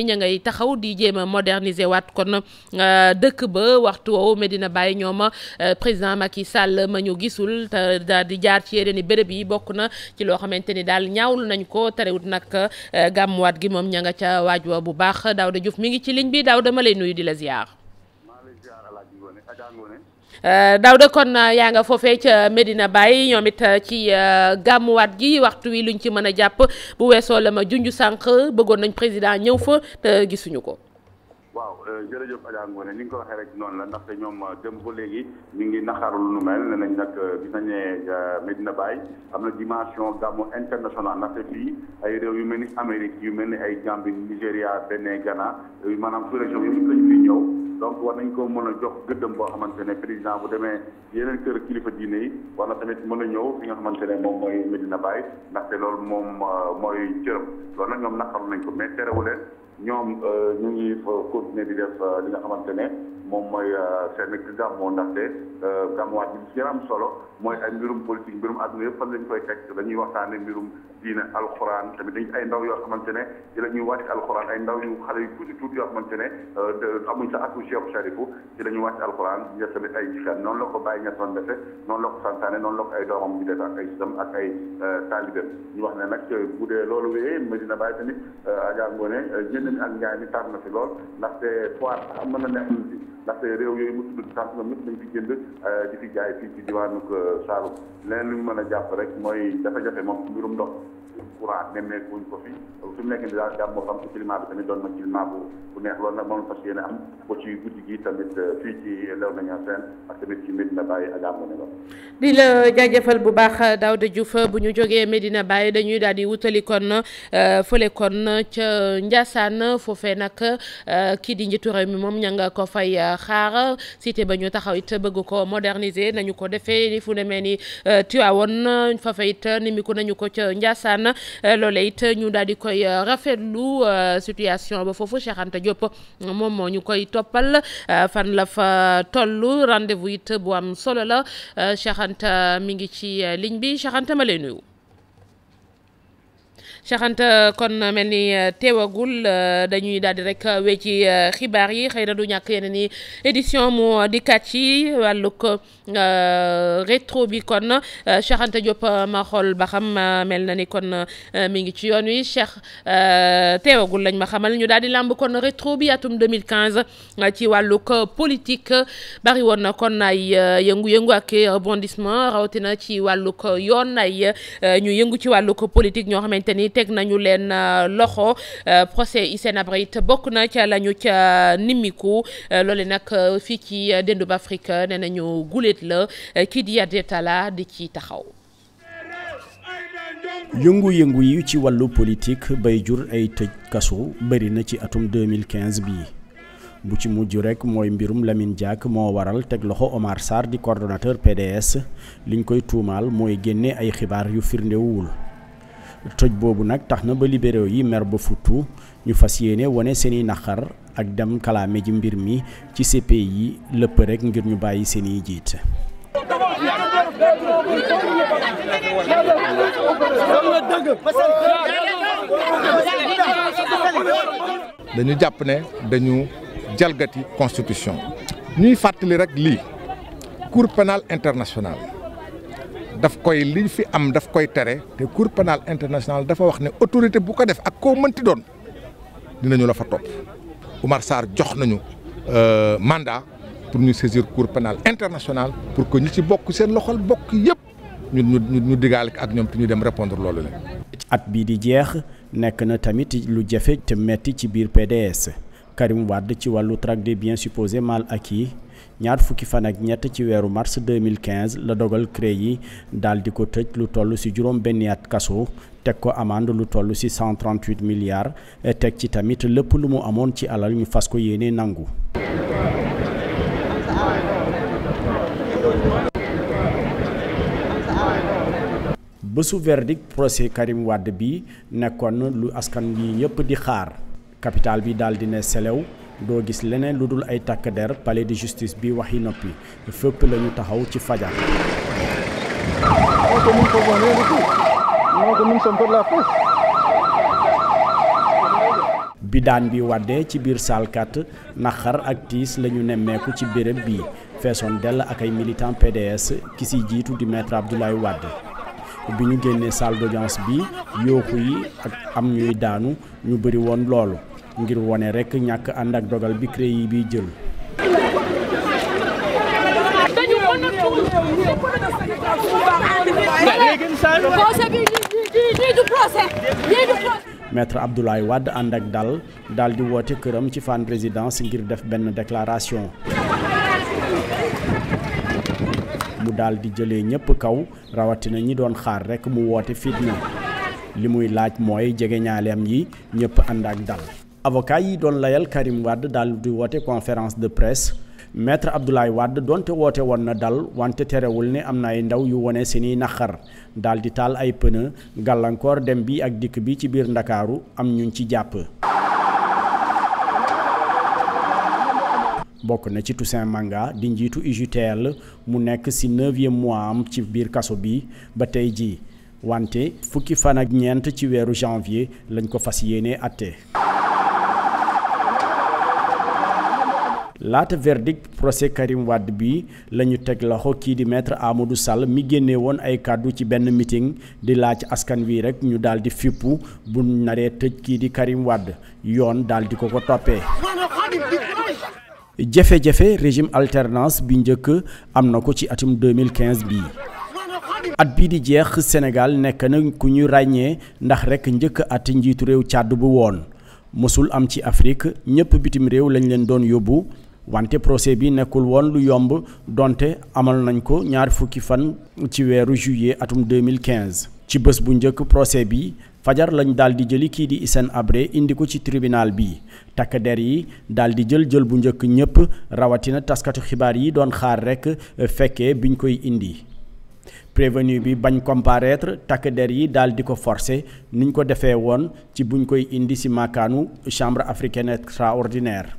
taxaw di jéem a moderniser ko kon euh, dëkk ba waxtu woowu Medina Baye ñoom euh, président yi sàll ma ñu gisul te daal di jaar ci yeneen i béréb yi bokk na ci loo xamante ni daal ñaawlu nañ ko terewut nag euh, gàmmuwaat gi moom ña nga ca waaj wa bu baax Daouda Diouf mi ngi ci ligne bi Daouda ma lay nuyu di la ziar. Daouda kon yaa nga foofee ca Medina Baye ñoom it ci gàmmuwaat gi waxtu wi luñ ci mën a jàpp bu weesoo la ma junj sànq bëggoon nañ président ñëw fa te gisuñu ko. waaw euh, jërëjëf Adja Ngoné ni nga ko waxee rek noonu la ndaxte ñoom euh, dem ba léegi ñu ngi naxaru lu nu mel ne nañ nag euh, gis nañ ne Medina Baye am na dimension gàmmu international ndaxte fii ay réew yu mel ni Amérique yu mel ni ay Gambie Nigéria Bénin Ghana maanaam sous-région yëpp lañ fi ñëw donc war nañ ko mën a jox gëddëm boo xamante ne président bu demee yeneen kër kilifa diine yi wala tamit mën a ñëw fi nga xamante ne moom mooy na Baye ndaxte loolu moom mooy cërëm loolu nag ñoom naqaru nañ ko mais terewu leen ñoom euh, ñu ngi fa continuer di def euh, li nga xamante ne moom mooy euh, seen i gàmmoo ndaxte gàmmuwaat bi ci am solo mooy ay mbirum politique mbirum àdduna yëpp fan lañ koy teg dañuy waxtaane mbirum diina alxuraan tamit dañ ay ndaw yoo xamante ne ci la ñuy wàcc alxuraan ay ndaw yu xale yu tuuti tuuti yoo xamante ne euh, amuñ sa atu Cheikh Charifu ci la ñuy wàcc alxuraan def tamit ay jikaan noon la ko bàyyi ñett doon defe noonu la ko santaane noonu la ko ay doomam ñu def ak ay sisam ak ay euh, taalibeem ñu wax ne nag euh, bu dee loolu wéyee Medina Baye tamit Adja Ngoné njënd mi ak njaay mi tar na si lool ndaxte foire sax mën na ne am na fi ndaxte réew yooyu mu tudd sant na ñëpp nañ fi jënd di jaay fii ci diwaanu leneen lu mën a jàpp rek mooy jafe-jafe moom ci mbirum ndox courant nemmeeku wuñ ko fi su mu nekk daal moo xam ci bi tamit doon na climat bu neex loolu nag moom fas yéene am ba ci guddi gi tamit euh, fii ci Léona Niassène ak tamit ci Medina Baye baax Daouda bu ñu jógee Medina Baye dañuy daal di wutali kon euh, fële kon ca Ndiassane foofee nag euh, kii di njiitu réew mi moom ña nga ko fay xaar cité ba ñu taxaw it bëgg ko moderniser nañu ko defee ni fu demee ni Tivaouane fa fay it nimiku nañu ko ca njasaan Anne euh, loolee it ñu daal di koy euh, rafetlu euh, situation ba foofu Cheikh Anta Diop moo ñu koy toppal fan la fa toll rendez-vous it bu am solo la Cheikh mi ngi ci ligne bi Cheikh ma lay nuyu. Cheikh Anta kon mel ni euh, teewagul euh, dañuy daal di rek euh, wéy ci xibaar yi xëy na du ñàkk yeneen i édition mu dikkaat ci wàllug rétro bi kon Cheikh Anta Diop ma xool ba xam mel na ni kon mi ngi ci yoon wi Cheikh teewagul lañ ma xamal ñu daal di làmb kon rétro bi atum 2015 ci wàllug politique bari woon na kon ay yëngu-yëngu ak rebondissement rawatina ci wàllug yoon ay ñu yëngu ci wàllug politique ñoo xamante ni. teg nañu leen euh, loxo euh, procès Hissène Habré it bokk na ca lañu ca nimiku euh, loole nag fii ci dendub Afrique nee nañu guléet la kii di Yadi Talla di ci taxaw. yëngu-yëngu yi ci wàllu politique bay jur ay tëj kaso bëri na ci atum 2015 bii bu ci mujj rekk mooy mbirum Lamine Diack moo waral teg loxo Omar Sarr di coordonnateur PDS liñ koy tuumaal mooy génne ay xibaar yu firndewul toj boobu nag tax na ba libéraux yi mer ba futtu ñu fas yéene wane seeni naqar ak dem kalaame ji mbir mi ci CPI yi lëpp rek ngir ñu bàyyi seeni jiit dañu jàpp ne dañu jalgati constitution ñuy fàttali rek lii cour pénale internationale daf koy li fi am daf koy tere te cour panal international dafa wax ne autorité bu ko def ak koo mënti doon dinañu la fa topp Oumar Sarr jox nañu euh, mandat pour ñu saisir cour panal international pour que ñu ci bokk seen loxol bokk yépp ñu ñu ñu digaale ak ñoom te ñu dem répondre loolu la. at bii di jeex nekk na tamit lu jafe te metti ci biir PDS Karim Wade ci wàllu traque des biens supposés mal acquis ñaar fukki fan ak ñett ci weeru mars 2015 la dogal CREI yi daal di ko tëj lu toll ci juróom benni kaso teg ko amande lu toll ci 138 milliards teg ci tamit lépp lu mu amoon ci alal ñu fasko ko yéene nangu. bésu verdict procès Karim Wade bi nekkoon lu askan yi ñëpp di xaar capital bi daal di ne selew doo gis leneen lu dul ay takk der palais de justice bi wax waxi noppi fépp la ñu taxaw ci fajar. bi daan bi wadde ci biir salkat naxar ak tiis lañu ñu nemmeeku ci béréb bii feesoon dell ak ay militant PDS ki ci jiitu di maître Abdoulaye Wade bi ñu génnee salle bi yooxu yi ak am ñuy daanu ñu bari woon loolu ngir wone rek ñàkk ànd ak dogal bi CREI bi jël. maître Abdoulaye Wade ànd ak dal daal di woote këram ci fan résidence ngir def benn déclaration mu daal di jëlee ñëpp kaw rawatina ñi doon xaar rekk mu woote fitna li muy laaj mooy jege ñaaleem yi ñëpp ànd ak dal avocat yi doon layal Karim Wade daal di woote conférence de presse maître Abdoulaye Wade donte woote woon na dal wante terewul ne am na ay ndaw yu wone seeni naqar daal di taal ay pneu gàllankoor dem bi ak dikk bi ci biir ndakaaru am ñuñ ci jàpp bokk na ci Toussaint Manga di njiitu UJTL mu nekk ci neuvième mois am ci biir kaso bi ba tey jii wante fukki fan ak ñeent ci weeru janvier lañ ko fas yéene atte laata verdict procès Karim Wade bi lañu teg loxo kii di maître Amadou Sall mi génne woon ay kàddu ci benn mitin di laaj askan wi rek ñu daal di fippu bu naree tëj kii di Karim Wade yoon daal di ko ko toppee. jafe-jafe régime alternance bi njëkk am na ko ci atum 2015 bii. at bii di jeex senegal nekk na ku ñu ràññee ndax rek njëkk at njiitu réew càdd bu woon mësul am ci Afrique ñëpp bitim réew lañ leen doon yóbbu wante procès bi nekkul woon lu yomb donte amal nañ ko ñaar fukki fan ci weeru juillet atum 2015 ci bés bu njëkk procès bi fajar lañ daal di jëli kii di Hissène Habré indi ko ci tribunal bi takk der yi daal di jël jël bu njëkk ñëpp rawatina taskatu xibaar yi doon xaar rekk eh, fekkee biñ koy indi prévenu bi bañ comparaître takk der yi daal di ko forcer niñ ko defee woon ci buñ koy indi ci makaanu chambre africaine extraordinaire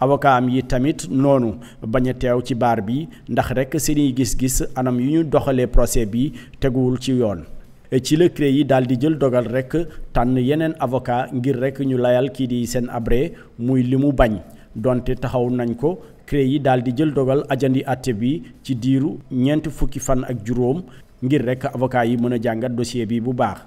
avocat yi tamit noonu bañ a teew ci baar bi ndax rek seeni gis-gis anam yu ñu doxalee procès bi teguwul ci yoon ci la CREI yi daal di jël dogal rek tànn yeneen avocat ngir rek ñu layal kii di seen abré muy li mu bañ donte taxaw nañ ko CREI yi daal di jël dogal ajandi àtte bi ci diiru ñeent fukki fan ak juróom ngir rek avocat yi mën a jàngat dossier bi bu baax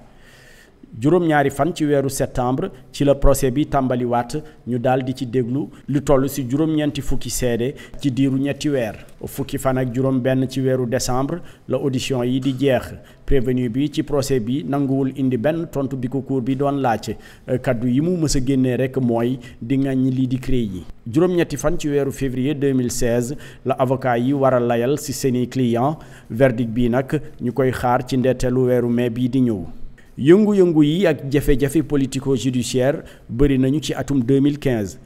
juróom-ñaari fan ci weeru septembre ci la procès bi tàmbaliwaat ñu daal di ci déglu lu toll si juróom-ñeenti fukki seede ci diiru ñetti weer fukki fan ak juróom-benn ci weeru décembre la audition yi di jeex prévenu bi ci procès bi nanguwul indi benn tontu bi ko cour bi doon laaj kaddu yi mu mës a génnee rek mooy di ŋàññi lii di CREI yi. juróom-ñetti fan ci weeru février 2016 la avocat yi war layal si seeni client verdict bi nag ñu koy xaar ci ndetteelu weeru mai bii di ñëw. yëngu-yëngu yi ak jafe-jafe politico judiciaire bëri nañu ci atum 2015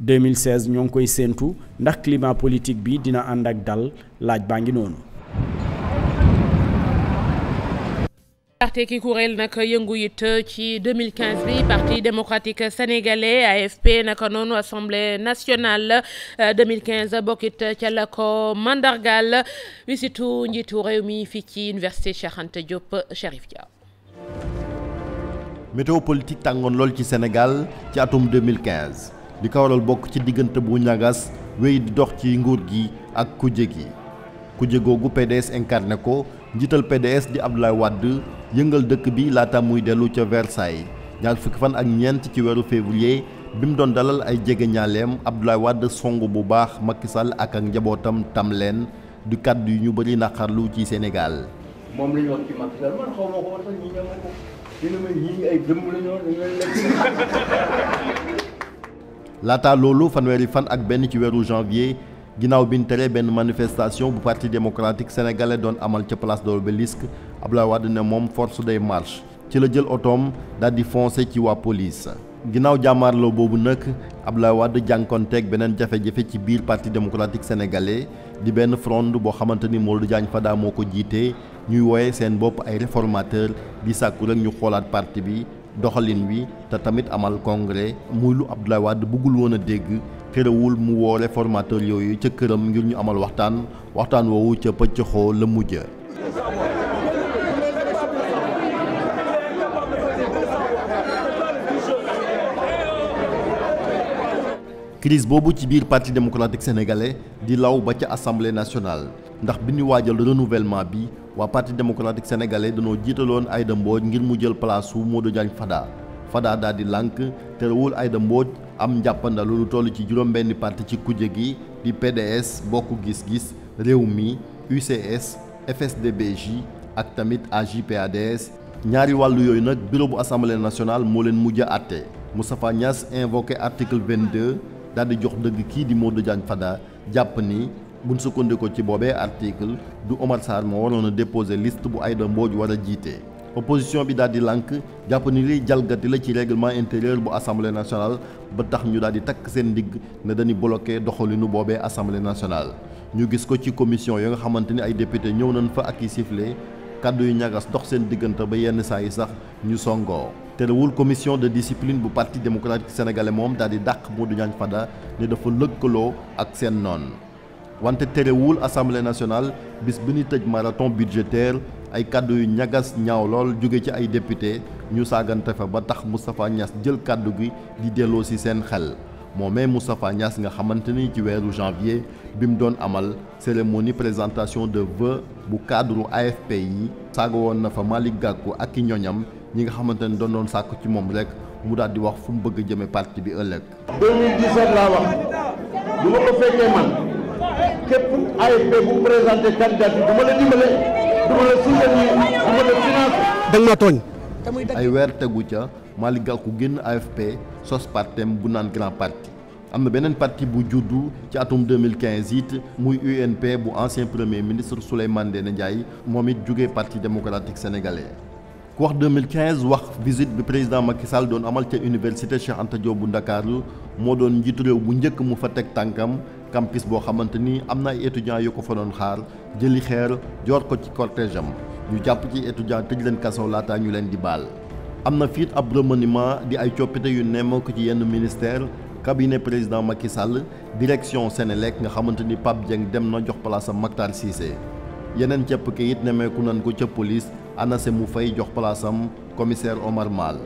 2016 ñoo ngi koy séentu ndax climat politique bi dina ànd ak dal laaj baa ngi noonu. parti ki kuréel nag yëngu it ci 2015 bi parti démocratique sénégalais AFP naka noonu assemblée nationale 2015 bokkit ca la ko mandargal wisitu njiitu réew mi fii ci université Cheikh Anta Diop Cherif météo politique tàngoon lool ci Sénégal ci atum 2015 li ko waral bokk ci diggante bu ñagas wéy di dox ci nguur gi ak kuje gi kuje googu PDS incarné ko njiital PDS di Abdoulaye Wade yëngal dëkk bi laata muy dellu ca Versailles ñaar fukki fan ak ñeent ci weeru février bi mu doon dalal ay jege ñaaleem Abdoulaye Wade song bu baax Macky Sall ak ak njabootam tam leen du kàddu yu ñu bari naqarlu ci Sénégal. ci Macky dina may laata loolu fanweeri fan ak benn ci weeru janvier ginnaaw bi benn manifestation bu parti démocratique sénégalais doon amal ca place de l'Obélisque Abdoulaye Wade ne moom force de marches ci la jël otoom daldi di ci waa police. ginnaaw jàmmaarloo boobu nag Abdoulaye wadd jànkonteeg beneen jafe-jafe ci biir parti démocratique sénégalais. di benn fronde boo xamante ni Modou Diagne Fada moo ko jiitee ñuy wooye seen bopp ay réformateur di sàkku rek ñu xoolaat parti bi doxalin wi te tamit amal congrès muy lu Abdoulaye Wade bëggul woon a dégg xërëwul mu woo réformateur yooyu ca këram ngir ñu amal waxtaan waxtaan woowu ca pëcc xoo la mujj crise boobu ci biir parti démocratique sénégalais di law ba ca assemblée nationale ndax bi ñu waajal renouvellement bi waa parti démocratique sénégalais dañoo jiitaloon Aïda Mbodj ngir mu jël place su Modou Diagne Fada Fada daal di lànk terewul Aïda Mbodj am njàppandalu lu toll ci juróom-benni parti ci kujje gi di PDS bokk gis-gis réew mi UCS FSD/BJ ak tamit AJ/PADS ñaari wàllu yooyu nag bureau bu assemblée nationale moo leen mujj a àtte Moustapha Niass invoqué article 22 daal di jox dëgg kii di moo du Diagne Fada jàpp ni buñ sukkandiku ci boobee article du Omar Sarr moo waroon a déposer liste bu Aïda Mbodj war a jiite. opposition bi daal di lànk jàpp ni liy jalgati la ci règlement intérieur bu assemblée nationale ba tax ñu daal di takk seen ndigg na dañuy bloqué doxalinu boobee assemblée nationale. ñu gis ko ci commission ya nga xamante ni ay député ñëw nañ fa ak i sifflé kàddu yu ñagas dox seen diggante ba yenn saa yi sax ñu songoo. terewul commission de discipline bu parti démocratique sénégalais moom daal di dàq Modou Diagne Fada ne dafa lëkkaloo ak seen noon wante terewul assamble nationale bis bi ñu tëj marathon budgétaire ay kàddu yu ñagas ñaaw lool jóge ci ay député ñu saagante fa ba tax Moustapha Niass jël kàddu gi di delloo si seen xel moomee Moustapha Niass nga xamante ni ci weeru janvier bi mu doon amal cérémonie présentation de vœux bu cadre AFP yi saaga woon na fa Malick Gakou ak i ñoñam ñi nga xamante ne doon sàkku ci moom rekk mu daal di wax fu mu bëgg a jëme parti bi ëllëg 2017 laa ko fekkee man képp AFP bu présenté candidat bi du la dimbale du ma la soutenir du ma la financé danga ma tooñ ay weer tegu ca Malick ku génn AFP sos partem bu naan grand parti am na beneen parti bu juddu ci atum 2015 it muy UNP bu ancien premier ministre Souleymane Ndéné Ndiaye moom it jógee parti démocratique sénégalais wax 2015 wax visite bi président Macky Sall doon amal ca université Cheikh Anta bu Ndakaaru moo doon njiitu réew bu njëkk mu fa teg tànkam campus boo xamante ni am na ay étudiants yoo ko fa doon xaar jëli xeer joor ko ci cortège am ñu jàpp ci étudiants tëj leen kaso laata ñu leen di baal. am na fiit ab remaniement di ay coppite yu nemmeeku ci yenn ministère cabinet président Macky Sall direction Sénélec nga xamante ni Pape Dieng dem na jox place am Makhtar Cissé yeneen cëpp kayit nemmeeku nan ko ca police. ANACIM mu fay jox palaasam commissaire Omar Mal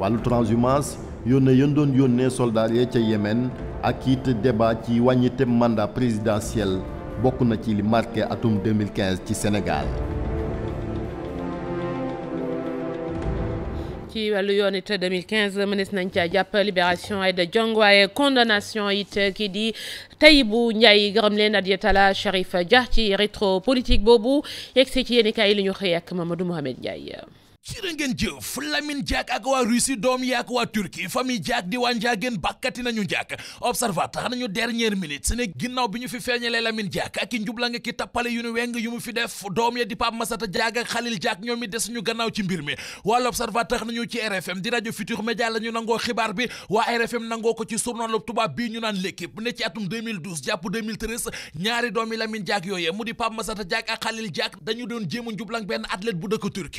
wàllu transhumance yónne yéen doon yónnee soldats ya ca Yémen ak it débat ci wàññi te mandat présidentiel bokk na ci li marqué atum 2015 ci Sénégal. ci wàllu yoon it 2015 mënees nañ ca jàpp libération Aïda Diong waaye condamnation it kii di Tahibou Ndiaye gërëm leen Adiatala Cherif Dia ci rétro politique boobu yegg si ci yéen i kaay li ñu xëy ak Mamadou Mohamed Ndiaye. jërë ngeen jëf Lamine Diack ak waa Russie doom yaak waa Turquie famille Diack di waa Ndiagen bàkkati nañu Diack observateur nañu dernière minute ne ginnaaw bi ñu fi feeñalee Lamine Diack ak i njubla nga ki tappale mu fi def doom ya di Pape ñoom it des ñu gannaaw ci mbir mi waa l'observateur nañu ci RFM di rajo Futur Média la ñu nangoo xibaar bi waa RFM nangoo ko ci journalu tubaab bii ñu naan l'équipe ne ci atum 2012 jàpp 2013 ñaari doomi Lamine Diack yooyee mu di Pape Massata Diack ak Khalil Diack dañu doon jéem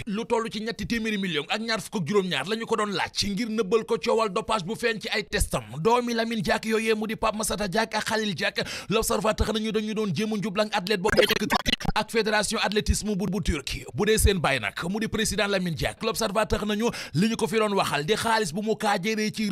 lu tollu ci ñetti téeméeri million ak ñaar fukk ak juróom-ñaar la ko doon laaj ci ngir nëbbal ko coowal dopage bu feeñ ci ay testam doomi Lamine Diack yooyee mu di Pape Massata Diack ak jàkk Khalil Diack l'observateur nañu dañu doon jéem a njublang athlète boobu ak fédération athlétisme bu bu Turquie bu dee seen bàyyi nag mu di président Lamine Diack l'observateur nañu li ñu ko fi doon waxal di xaalis bu mu kaajéree ci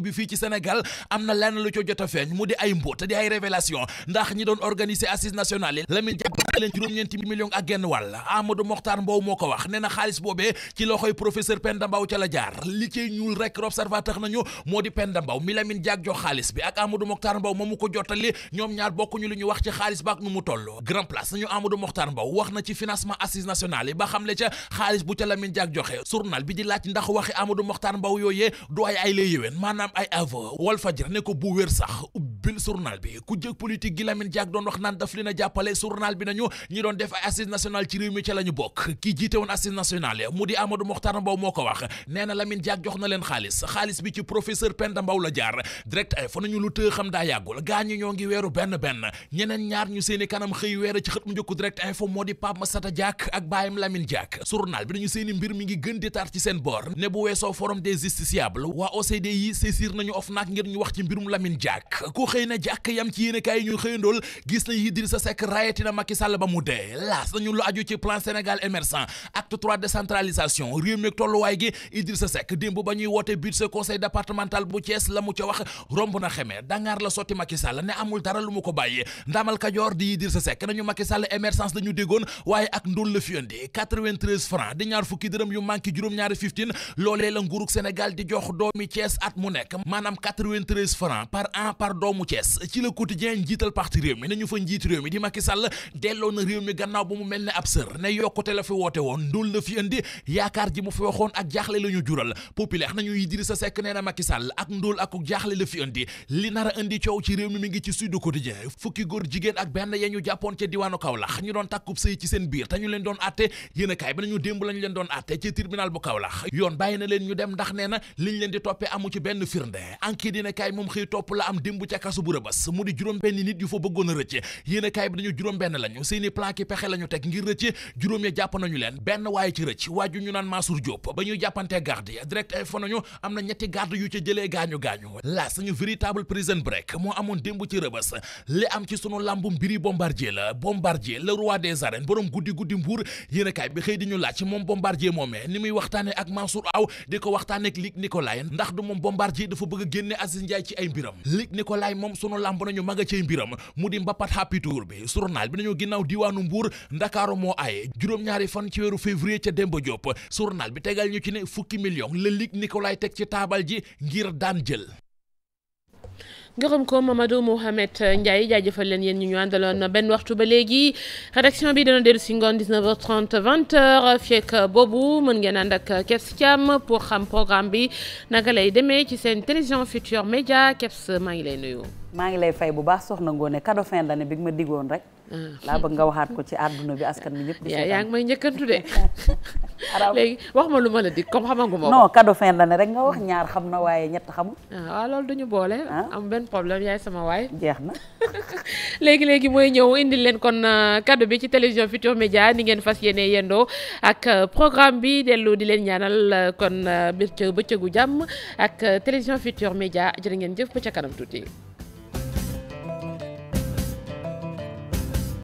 bi fii ci Sénégal am na lenn lu co jot a feeñ mu di ay mbóot di ay révélation ndax ñi doon organisé assise nationale yi Lamine Diack ba leen juróom-ñeenti millions ak genn wàll Amadou Mokhtar Mbow moo ko wax nee na xaalis boobee ci loxoy professeur Penda Mbaw ca la jaar li ci ñuul rek l'observateur nañu moo di Penda Mbaw mi Lamine Diack jox xaalis bi ak Amadou Mokhtar Mbow moomu ñu wax ci xaalis nu mu toll grand place nañu Amadou Mokhtar Mbow wax na ci financement assise nationale ba xamle ca xaalis bu ca Lamine Diack joxe journal bi di laaj ndax waxi Amadou Mokhtar Mbow yooyee du ay ay lay yéwén maanaam ay aveu Walfadjri ne ko bu sax ubbil journal bi ku jëg politique gi Lamine Diack doon wax naan daf leen a jàppale journal bi nañu ñi doon def ay assise nationale ci réew mi ca la bokk ki jiite woon assise nationale mu di Amadou Mokhtar Mbow moo ko na Lamine Diack jox na la jaar direct ay fa nañu lu tëë xam daa yàggul yéene kanam xëy weere ci xët mu njëkk direct info moo di Pape Massata Diack ak baayam Lamine Diack journal bi nañu seeni mbir mi ngi gën di tar ci seen boor ne bu weesoo forum des justiciables waa OCD yi saisir nañu OFNAC ngir ñu wax ci mbirum Lamine Diack ku xëy na Diack yam ci yéene kaay yi ñu gis nañu Idrissa Seck rayati na Macky Sall ba mu dee laas nañu lu aju ci plan Sénégal émergent acte 3 décentralisation réew mi tolluwaay gi Idrissa Seck démb la na xeme dangaar la sotti ko bàyyi di Idrissa Seck nañu Macky Sall émergence la ñu déggoon waaye ak ndóol la fi indi 93 francs di ñaar fukki dërëm yu manqué juróom-ñaari 15 loolee la nguurug Sénégal di jox doomi Thiès at mu nekk maanaam 93 francs par an par doomu Thiès ci le quotidien njiital parti réew mi nañu fa njiit réew mi di Macky Sall delloo na réew mi gannaaw ba mu mel ne ab sër ne yokkute la fi woote woon ndóol la fi indi yaakaar ji mu fi waxoon na Macky Sall ak ndóol ak jaaxle la fi indi li mi ngi condamné ya ñu jàppoon ca diwaanu Kaolack ñu doon tàkkub sëy ci seen biir te ñu leen doon atte yéen kaay bi nañu démb lañu leen doon atte ci tribunal bu Kaolack yoon bàyyi na leen ñu dem ndax nee na liñ leen di toppee amu ci benn firnde enquête dina kaay moom xëy topp la am démb ca kasu bu rëbës mu di juróom benn nit yu fa bëggoon a rëcc yéen a kaay bi nañu juróom benn lañu seeni plan pexe lañu teg ngir rëcc juróom ya jàpp nañu leen benn waaye bombardier la bombardier le roi des arènes borom guddi guddi mbuur yéenekaay bi xëy di ñu laaj moom bombardier moomee ni muy waxtaane ak Mansour Aw di ko waxtaane ak Luc Nicolaï ndax du moom bombardier dafa bëgg a génne Aziz Ndiaye ci ay mbiram Luc Nicolaï moom sunu làmb nañu mag a cay mbiram mu di mbapat happy tour bi journal bi nañu ginnaaw diwaanu mbuur ndakaaru moo aaye juróom-ñaari fan ci weeru février ca Demba Diop journal bi tegal ñu ci ne fukki million la Luc Nicolaï teg ci taabal ji ngir daan jël gërëm ko Mamadou Mouhamed Ndiaye jaajëfal leen yéen ñu ñu àndaloon benn waxtu ba léegi rédaction bi dana dellu si ngoon 19h30 20h fekk boobu mën ngeen ànd ak Kebs Thiam pour xam programme bi naka lay demee ci seen télévision Futurs Médias Kebs maa ngi lay nuyu. maa ngi lay fay bu baax soxna Ngoné cadeau fin d'année bi ma diggoon rek. Ah. laa bëgg nga waxaat ko ci àdduna bi askan bi ñëpp. yaa ngi may njëkkantu de. léegi wax ma lu ma la dig comme xamangu ma ko. non cadeau fin d'année rek nga wax hmm. ñaar xam na waaye ñett xamul. Ah, waaw loolu duñu boole. Ah. am benn problème yaay sama waay. jeex na. léegi léegi mooy ñëw indil leen kon euh, cadeau bi ci télévision Futurs média ni ngeen fas yéene yendoo ak euh, programme bi dellu di leen ñaanal euh, kon bëccëgu jàmm ak télévision Futurs Médias jërë ngeen jëf ca kanam tuuti.